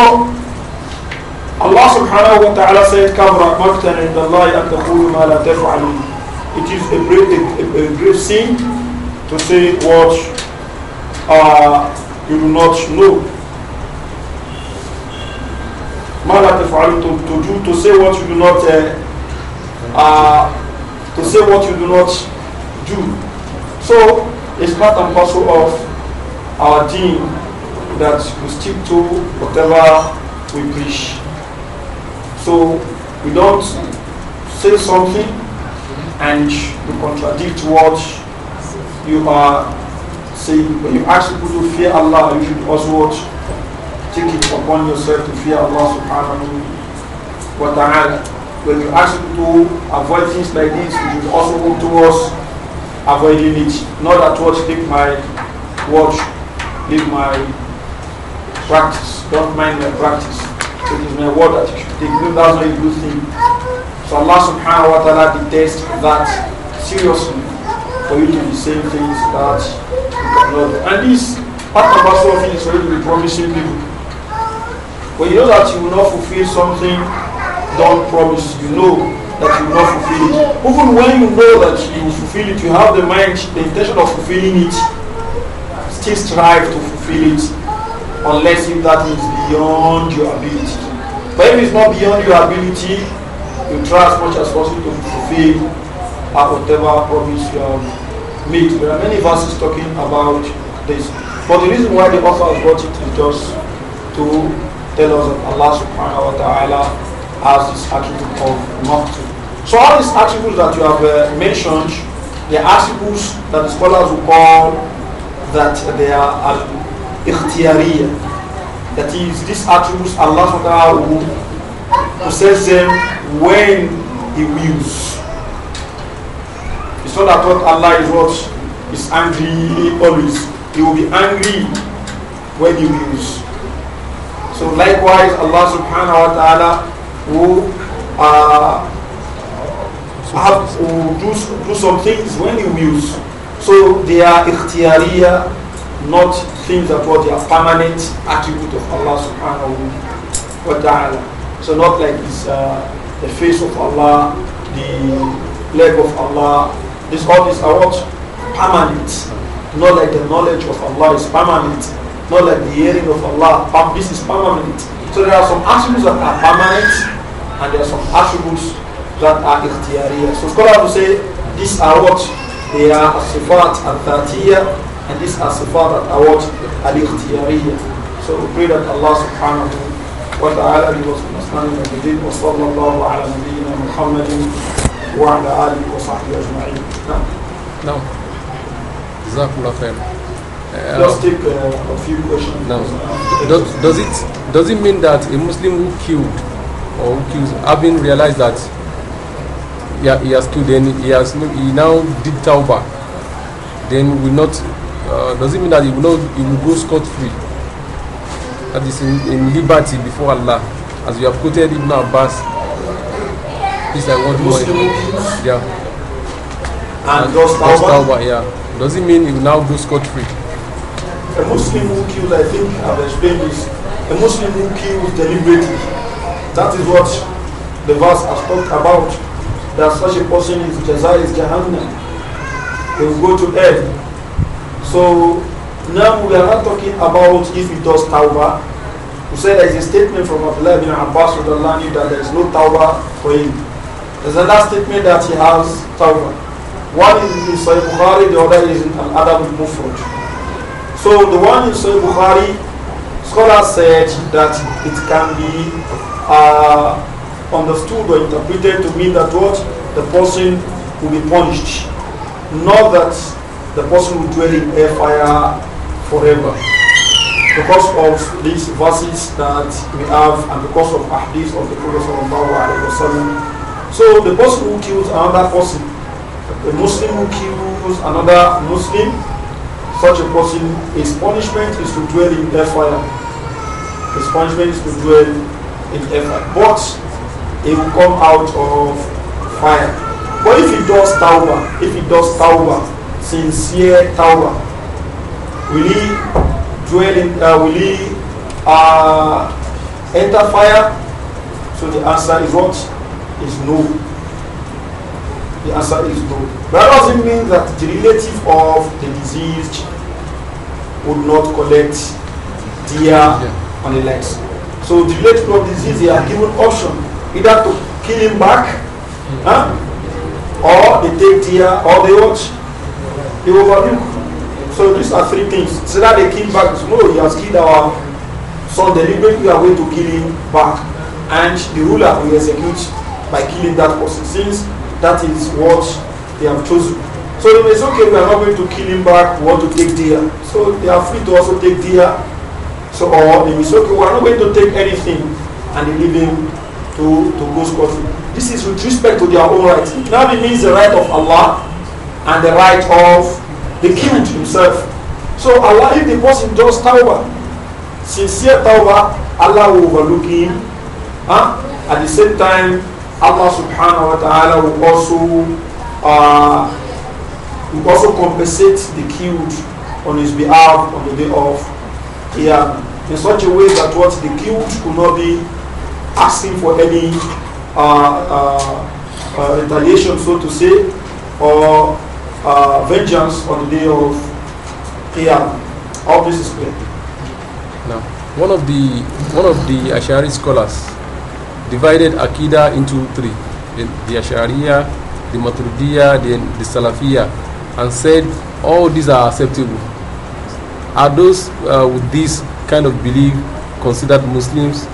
Allah subhanahu wa ta'ala said, كَبْرَ مَقْتَنِ عِنْدَ اللَّهِ أَنْ تَقُولُ مَا لَا it is a great, a, a sin to say what uh, you do not know. To, to do to say what you do not uh, uh, to say what you do not do. So it's part and parcel of our team that we stick to whatever we preach. So we don't say something and you contradict what you are saying. When you ask people to fear Allah, you should also take it upon yourself to fear Allah subhanahu wa ta'ala. When you ask people to avoid things like this, you should also go towards avoiding it. Not at what leave my watch, leave my practice, don't mind my practice. It is my word that you should take. No, that's not a good thing. So Allah subhanahu wa ta'ala detests that seriously for you to be saying things that you cannot. And this part and parcel of is already promising people. When you know that you will not fulfill something, don't promise. You know that you will not fulfill it. Even when you know that you will fulfill it, you have the mind, the intention of fulfilling it, still strive to fulfill it unless if that is beyond your ability. But if it's not beyond your ability, you try as much as possible to fulfill uh, whatever promise you um, have made. There are many verses talking about this. But the reason why the author has brought it is just to tell us that Allah subhanahu wa ta'ala has this attribute of Mufti. So all these attributes that you have uh, mentioned, the attributes that the scholars will call that they are al-ikhtiyariya. is, these attributes Allah subhanahu wa ta'ala will possess them when He wills. It's not that what Allah is what is angry always. He will be angry when He wills. So likewise, Allah Subhanahu wa Taala will uh, have to do do some things when He wills. So they are ikhtiyariya, not things that what they are permanent attribute of Allah Subhanahu wa Taala. So not like uh, the face of Allah, the leg of Allah. This all these are what permanent. Not like the knowledge of Allah is permanent. Not like the hearing of Allah. This is permanent. So there are some attributes that are permanent, and there are some attributes that are ikhtiyariya. So scholars will say these are what they are sifat al thatiya and these are sifat that are what al ikhtiyariya. So we pray that Allah subhanahu وتعالى بوصفنا المجيد وصلى الله على نبينا محمد وعلى آله وصحبه أجمعين نعم نعم الله خير Just uh, take uh, a few questions. No. Does, does it does it mean that a Muslim who killed or who kills having realized that he he has killed then he has he now did tawbah then will not uh, does it mean that he will not he will go scot free that is in, in liberty before Allah as you have quoted Ibn Abbas this I want more yeah and, and does tawbah yeah does it mean he will now go scot-free a Muslim who kills, I think I've explained this, a Muslim who kills deliberately. That is what the verse has talked about. That such a person is Jazai is Jahannam. He will go to hell. So Now we are not talking about if he does tawbah. We said there is a statement from Abdullah bin Abbas that there is no tawbah for him. There's another statement that he has tawbah. One is in Sahih Bukhari, the other is in Al-Adab al-Mufraj. So the one in Sahih Bukhari, scholars said that it can be uh, understood or interpreted to mean that what the person will be punished. Not that the person will dwell in hellfire forever. Because of these verses that we have and because of ahadith of the Prophet So the person who kills another person, the Muslim who kills another Muslim, such a person, his punishment is to dwell in fire. His punishment is to dwell in fire, But he will come out of fire. But if he does tawbah, if he does tawbah, sincere tawbah, Will he dwell in, uh, will he uh, enter fire? So the answer is what? Is no. The answer is no. That doesn't mean that the relative of the diseased would not collect deer yeah. on the legs. So the relative of the disease, they are given option either to kill him back, huh? or they take deer, or they watch, they overlook. So these are three things. So that they kill back. No, he has killed our son deliberately. We are going to kill him back. And the ruler will execute by killing that person. Since that is what they have chosen. So if it's okay, we are not going to kill him back, we want to take deer. So they are free to also take deer. So or if it's okay, we are not going to take anything and they leave him to, to go scot This is with respect to their own rights. Now it means the right of Allah and the right of The killed himself. So Allah, if the person does tawbah, sincere tawbah, Allah will overlook him. Huh? At the same time, Allah subhanahu wa ta'ala will also uh, will also compensate the killed on his behalf on the day of Qiyamah in such a way that what the killed will not be asking for any uh, uh, uh retaliation, so to say, or uh, vengeance on the day of Qiyam. All this is clear. Now, one of the one of the Ashari scholars divided Akida into three: the, Ashariya, the Maturidiya, then the Salafiya, and said all these are acceptable. Are those uh, with this kind of belief considered Muslims,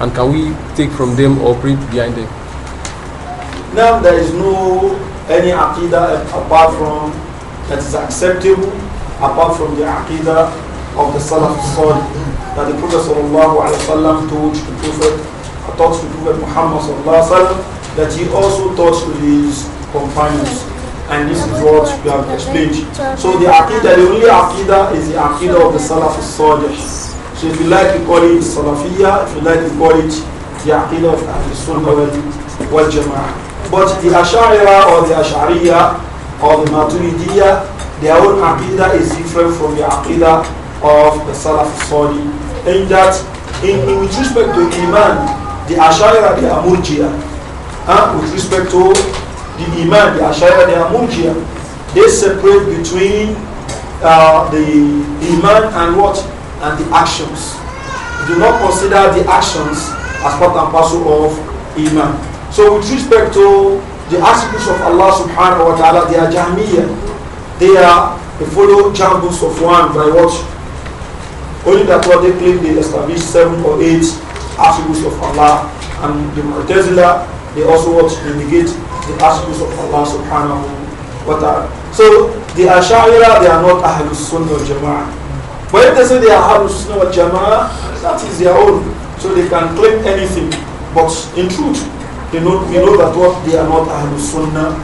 and can we take from them or print behind them? Now, there is no any aqidah apart from that is acceptable apart from the aqidah of the Salaf Salih that the Prophet ﷺ taught the Prophet taught to Prophet Muhammad ﷺ, that he also taught to his companions and this is what we have explained so the aqidah the only aqidah is the aqidah of the Salaf Salih so if you like you call it Salafiyah if you like you call it the aqidah of the Sunnah wal Jama'ah but the Ash'ariya or the Ash'ariya or the Maturidiyya, their own Aqidah is different from the Aqidah of the Salaf Sali. In that, in, in, with respect to Iman, the Ash'ariya, the are Murjiya. Huh? With respect to the Iman, the Ash'ariya, the are They separate between uh, the Iman and what? And the actions. Do not consider the actions as part and parcel of Iman. So with respect to the attributes of Allah subhanahu wa ta'ala, they are Jahmiyyah. They are the follow Jambus of one by what? Only that what they claim they establish seven or eight attributes of Allah. And the Mu'tazila, they also want to negate the attributes of Allah subhanahu wa ta'ala. So the Ash'ira, they are not Ahlus Sunnah wal Jama'ah. But if they say they are Ahlus Sunnah wal Jama'ah, that is their own. So they can claim anything. But in truth, they know, know that what they are not Ahlul Sunnah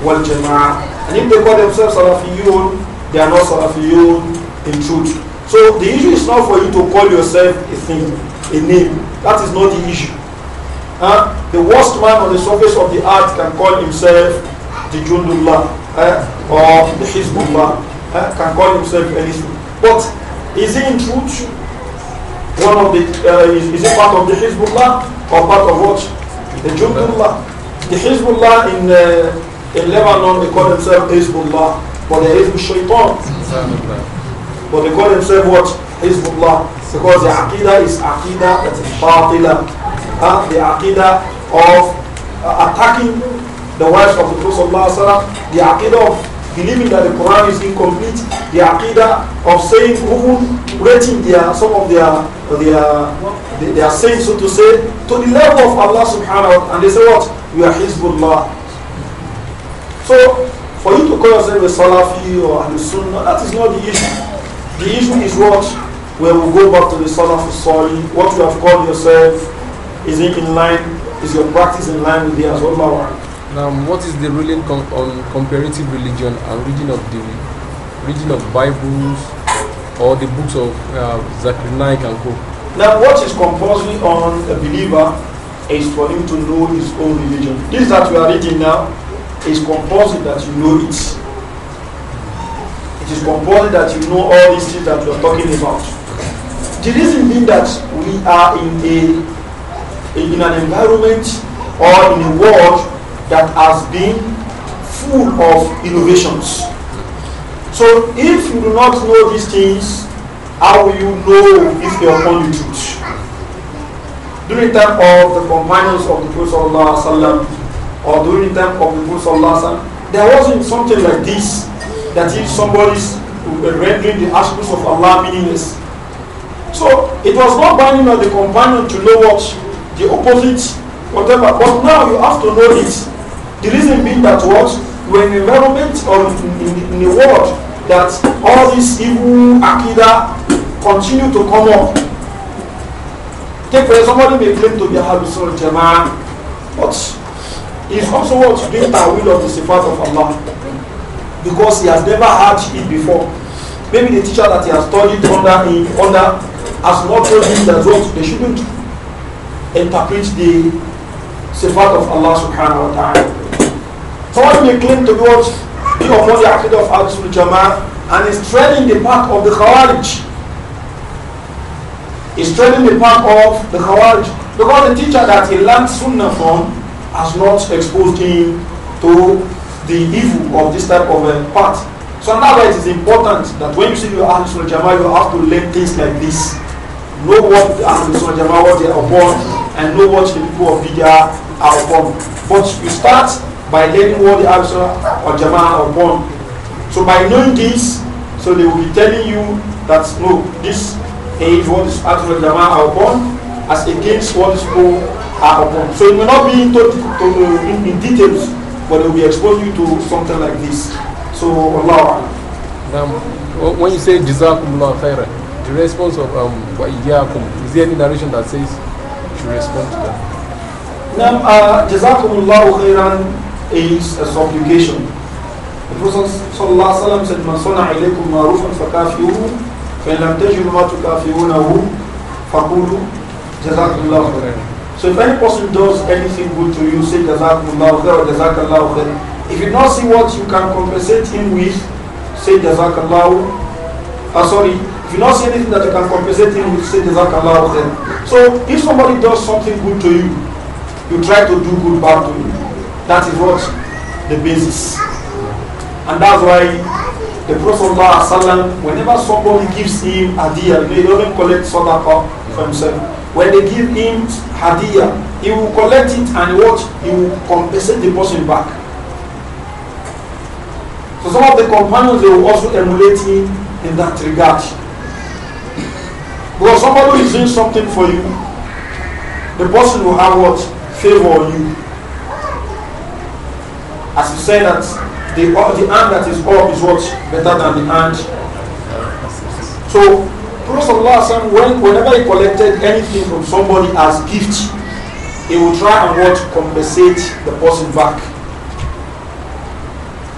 wal Jama'ah. And if they call themselves Salafiyun, they are not Salafiyun in truth. So the issue is not for you to call yourself a thing, a name. That is not the issue. Uh, the worst man on the surface of the earth can call himself the Jundullah uh, or the Hizbullah, uh, can call himself anything. But is he in truth one of the, uh, is, is he part of the Hizbullah or part of what? the Jundullah. The Hezbollah in, uh, in Lebanon, they call themselves Hezbollah, but they're Hezbollah Shaitan. But they call themselves what? Hezbollah. Because the Aqidah is Aqidah that is Batila. Uh, the Aqidah of uh, attacking the wives of the Prophet, the Aqidah of believing that the Quran is incomplete, the Aqidah of saying, even rating their, some of their, their, their sayings, so to say, to the level of Allah subhanahu wa ta'ala. And they say what? We are Hizbullah. So, for you to call yourself a Salafi or a Sunnah, that is not the issue. The issue is what? Where we go back to the Salafi Sali, what you have called yourself, is it in line, is your practice in line with the Wallahu now, what is the ruling com on comparative religion and reading of the reading of Bibles or the books of uh, Zachariah and Co? Now, what is compulsory on a believer is for him to know his own religion. This that we are reading now is compulsory that you know it. It is compulsory that you know all these things that we are talking about. The reason being that we are in a in an environment or in a world that has been full of innovations. So if you do not know these things, how will you know if they are upon the truth? During the time of the companions of the Prophet Sallallahu or during the time of the Prophet Sallallahu there wasn't something like this that if somebody's rendering the attributes of Allah meaningless. So it was not binding on the companion to know what the opposite, whatever. But now you have to know it the reason being that what we're in an environment or in, in, in a world that all these evil akida continue to come up. Take for example, somebody may claim to be a Halusul Jama'ah, but he's also what doing the will of the Sifat of Allah because he has never had it before. Maybe the teacher that he has studied under him under has not told him that what they shouldn't interpret the Sifat of Allah subhanahu wa ta'ala. Someone may claim to be what be upon the Aqidah of Ahlus Jama'ah and is treading the path of the Khawarij. Is treading the path of the Khawarij. Because the teacher that he learned Sunnah from has not exposed him to the evil of this type of a uh, path. So now it is important that when you see your Ahlul Sunnah Jama'ah, you have to learn things like this. Know what the Ahlul Sunnah Jama'ah, what they are upon, and know what the people of Bidya are upon. But you start by learning what the Arabs or are born, So by knowing this, so they will be telling you that no, this is what is Arabs or are born as against what is people are upon. So it may not be to, uh, in details, but they will be exposing you to something like this. So Allah. Now, when you say Jazakumullah khairan, the response of um Wa'iyakum, is there any narration that says you should respond to that? Nam uh, khairan is a supplication. The Prophet ﷺ said, "Man صَنَعَ إِلَيْكُمْ مَعْرُوفًا فَكَافِئُوهُ فَإِنْ لَمْ تَجِدُوا مَا تُكَافِئُونَهُ فَقُولُوا So if any person does anything good to you, say جَزَاكُمُ اللَّهُ خَيْرًا جَزَاكَ اللَّهُ If you not see what you can compensate him with, say jazakallah. اللَّهُ uh, ah, sorry, if you not see anything that you can compensate him with, say JazakAllah of So if somebody does something good to you, you try to do good back to him. That is what? The basis. And that's why the Prophet whenever somebody gives him deal, they do not collect sadaqah for himself. When they give him hadiyah, he will collect it and what? He will compensate the person back. So some of the companions, they will also emulate him in that regard. Because somebody is doing something for you, the person will have what? Favor on you. As he said that the, the hand that is up is what better than the hand. So Prophet when, whenever he collected anything from somebody as gift, he would try and what compensate the person back.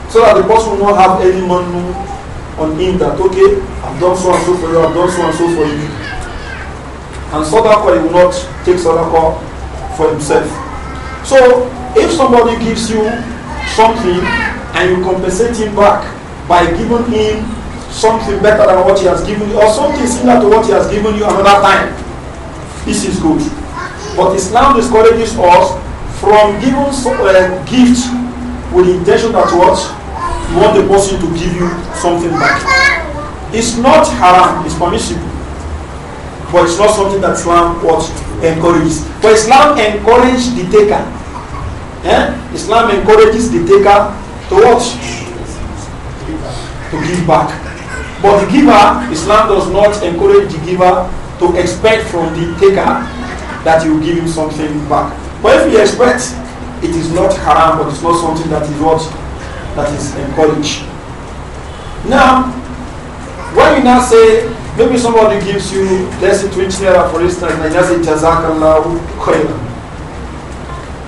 So that the person will not have any money on him that okay, I've done so and so for you, I've done so and so for you. And Sadaqah he will not take Sadaqah for himself. So if somebody gives you something and you compensate him back by giving him something better than what he has given you or something similar to what he has given you another time. This is good. But Islam discourages us from giving a uh, gift with the intention that what? You want the person to give you something back. It's not haram, it's permissible. But it's not something that Islam what encourages. But Islam encourages the taker Eh? Islam encourages the taker to what? To give back. But the giver, Islam does not encourage the giver to expect from the taker that you give him something back. But if you expect, it is not haram, but it's not something that is what? That is encouraged. Now, when you now say, maybe somebody gives you, let's say 20 naira for instance, and you now say, Jazakallah,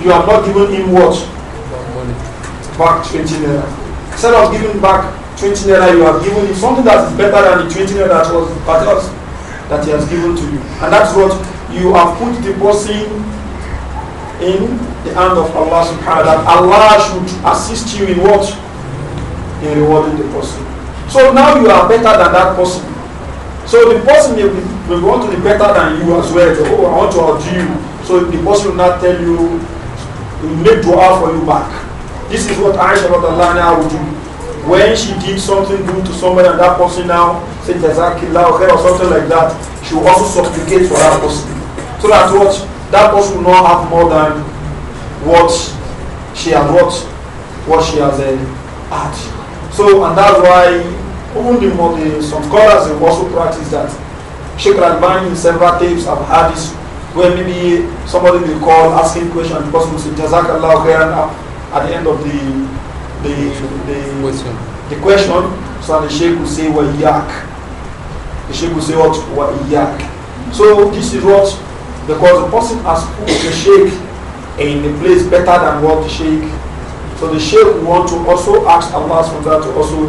you have not given him what? Back 20 naira. Instead of giving back 20 naira, you have given him something that is better than the 20 naira that was that, that he has given to you. And that's what you have put the person in the hand of Allah subhanahu wa ta'ala. Allah should assist you in what? In rewarding the person. So now you are better than that person. So the person may, be, may want to be better than you as well. So, oh, I want to outdo you. So the person will not tell you will make dua for you back. This is what Aisha now would do. When she did something good to somebody and that person now said Jazakillah okay, or something like that, she will also supplicate for that person. So that what that person will not have more than what she has what what she has uh, had. So and that's why even the, some scholars have also practiced that. Sheikh Al-Bani in several tapes have had this where maybe somebody will call asking question the person will say Jazakallah khairan uh, at the end of the the the, question. the question so the sheikh will say wa yak the sheikh will say what yak so this is what because the person has put the sheikh in a place better than what the sheikh so the sheikh will want to also ask Allah that to also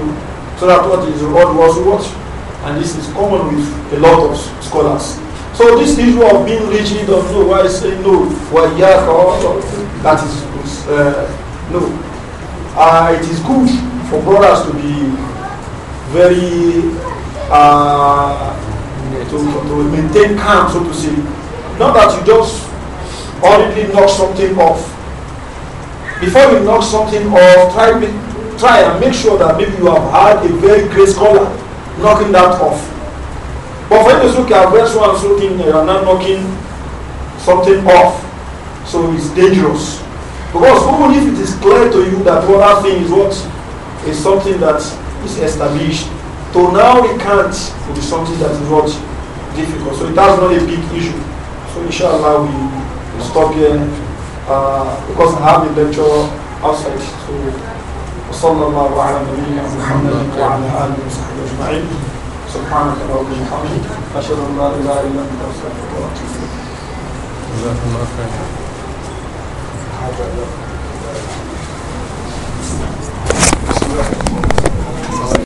so that what is Lord was what and this is common with a lot of scholars So this issue of being rigid or no, why say no, why yeah, that is uh, no. Uh, it is good for brothers to be very uh, to, to maintain calm, so to say. Not that you just hurriedly knock something off. Before you knock something off, try try and make sure that maybe you have had a very great scholar knocking that off But when you look at where so and looking, uh, you are not knocking something off. So it's dangerous. Because even if it is clear to you that what I thing is what is something that is established, so now can't be something that is what difficult. So it has not a big issue. So inshallah we will stop here uh, because I have a lecture outside. So وصلى الله على نبينا محمد وعلى اله وصحبه اجمعين سبحانك اللهم وبحمدك أشهد أن لا إله إلا أنت أستغفرك وأتوب إليك جزاكم الله خيرا بسم الله الرحمن الرحيم